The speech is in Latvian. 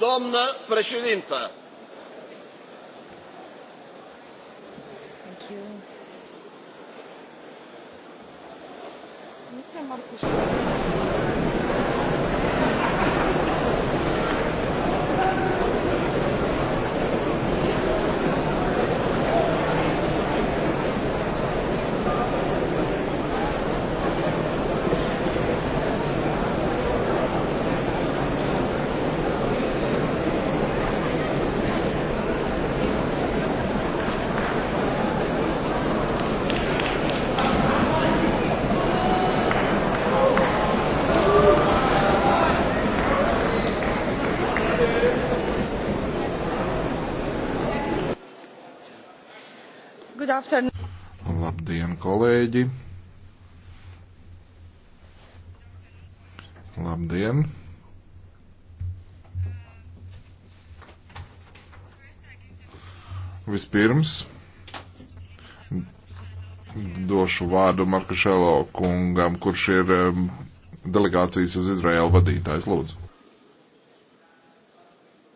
doamnă președintă. Thank you. Mr. Marcuș. Good afternoon. Labdien, kolēģi! Labdien! Vispirms došu vārdu Marku Šelo kungam, kurš ir delegācijas uz Izraēlu vadītājs. Lūdzu!